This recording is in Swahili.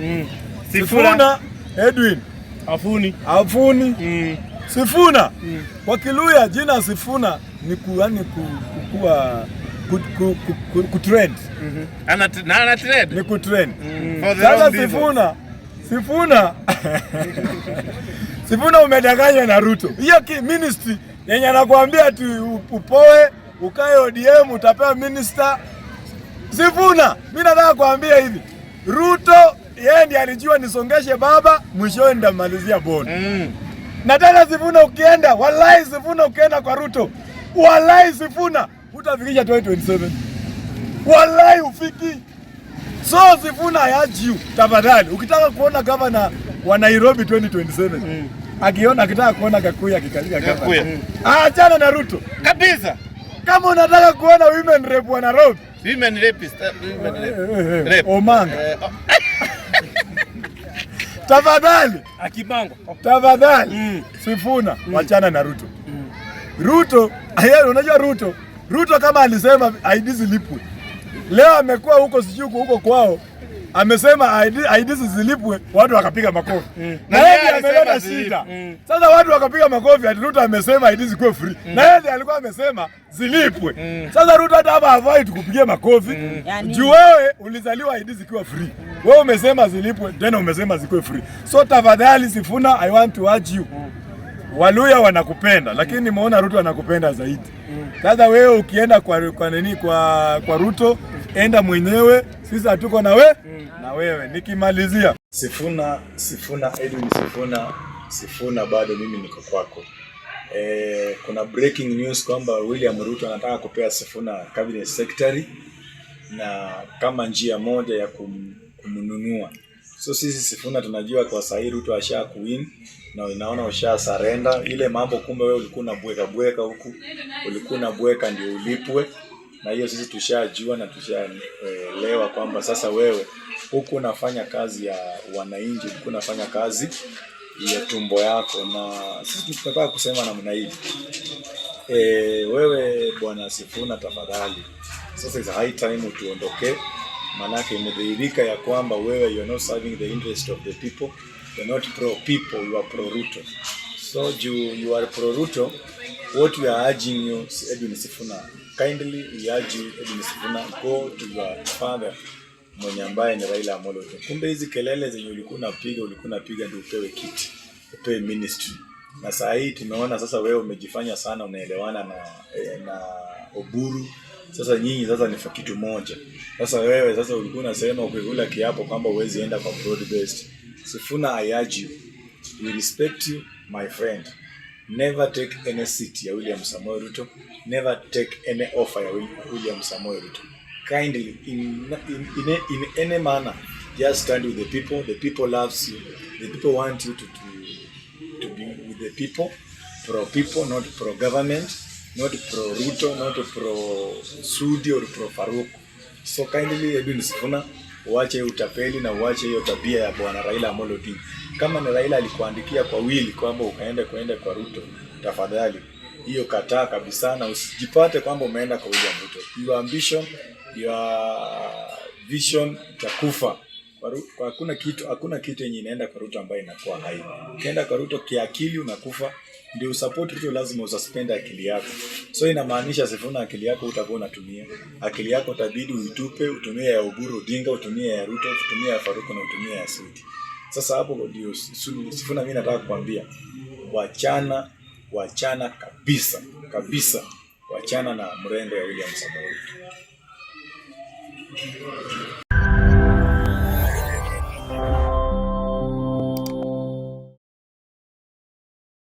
mm. Sifuna Edwin Afuni, Afuni. Mm. Sifuna mm. Eh. Kwa Kiluya jina Sifuna ni kuani kukua kutrend mhm. ni kutrend. Mm. Sasa Sifuna Sifuna Sifuna umedanganywa na Ruto. Hiyo ki ministry yenye anakuambia ati upoe ukae ODM utapewa minister. Sifuna, mimi nataka kuambia hivi Ruto yeye ndiye alijua nisongeshe baba, mwishowe nitamalizia Boni mm. na tena Sifuna ukienda, wallahi Sifuna ukienda kwa Ruto, wallahi Sifuna utafikisha 2027 wallahi ufiki. So Sifuna ayajiu, tafadhali ukitaka kuona gavana wa Nairobi 2027 mm. akiona akitaka kuona Kakuya Gakuya akikalika Gakuya, achana na Ruto kabisa. Kama unataka kuona women rep wa Nairobi, women rep, eh, women eh, eh, rep, Omanga oh. Tafadhali Akibango. tafadhali mm. Sifuna mm. wachana na Ruto mm. Ruto yeye, unajua Ruto, Ruto kama alisema ID zilipwe leo, amekuwa huko sijui huko kwao amesema ID zisilipwe, watu wakapiga makofi mm. na yeye ameleta shida mm. Sasa watu wakapiga makofi ati Ruto amesema ID zikuwe free mm. na yeye alikuwa amesema zilipwe mm. Sasa Ruto hata hapa avoid tukupigie makofi mm. yani... juu wewe ulizaliwa ID zikiwa free mm. wewe umesema zilipwe, tena umesema zikuwe free, so tafadhali Sifuna, I want to urge you mm. Waluya wanakupenda lakini nimeona Ruto anakupenda zaidi. Mm. Sasa wewe ukienda kwa, kwa nini kwa, kwa Ruto enda mwenyewe, sisi hatuko na we na wewe. Nikimalizia Sifuna, Sifuna Edwin Sifuna, Sifuna, bado mimi niko kwako. E, kuna breaking news kwamba William Ruto anataka kupea Sifuna cabinet secretary na kama njia moja ya kum, kumnunua. So sisi Sifuna tunajua kwa sahihi Ruto asha kuwin na unaona usha surrender ile mambo, kumbe wewe ulikuwa unabweka bweka huku, ulikuwa unabweka ndio ulipwe na hiyo sisi tushajua na tushaelewa kwamba sasa wewe huku unafanya kazi ya wananchi, huku unafanya kazi ya tumbo yako, na sisi tunataka kusema namna hii e, wewe Bwana Sifuna, tafadhali sasa, is high time utuondokee, manake imedhihirika ya kwamba wewe you are not serving the interest of the people, you are not pro people, you are pro Ruto. So you, you are pro Ruto what we are urging you, Edwin Sifuna, kindly we urge you, Edwin Sifuna, go to your father mwenye ambaye ni Raila Amolo Odinga. Kumbe hizi kelele zenye ulikuwa unapiga ulikuwa unapiga ndio upewe kiti, upewe ministry. Na saa hii tumeona sasa wewe umejifanya sana unaelewana na eh, na Oburu. Sasa nyinyi sasa ni kitu moja. Sasa wewe sasa ulikuwa unasema ukikula kiapo kwamba uwezi enda kwa broad based. Sifuna, I urge you, we respect you my friend never take any seat ya William Samoei Ruto, never take any offer ya William Samoei Ruto. Kindly in, in, in, in any manner just stand with the people. The people loves you. The people want you to, to, to be with the people, pro people, not pro government, not pro Ruto, not pro Sudi or pro Faruk. So kindly Edwin Sifuna uache utapeli na uache hiyo tabia ya bwana Raila Amolo Odinga. Kama ni Raila alikuandikia kwa wili kwamba ukaenda kuenda kwa Ruto, tafadhali hiyo kataa kabisa, na usijipate kwamba umeenda kwa William Ruto. Your ambition, your vision itakufa. Hakuna kitu, hakuna kitu yenye inaenda kwa Ruto ambayo inakuwa hai. Ukienda kwa Ruto kiakili unakufa ndio support hicho, lazima uzaspenda akili yako. So inamaanisha sifuna akili yako utakuwa unatumia akili yako, utabidi uitupe, utumie ya uburu udinga utumie ya Ruto, utumie ya Faruku na utumie ya suti Sasa hapo ndio Sifuna, mimi nataka kukwambia wachana, wachana kabisa kabisa, wachana na mrengo ya William Samoei.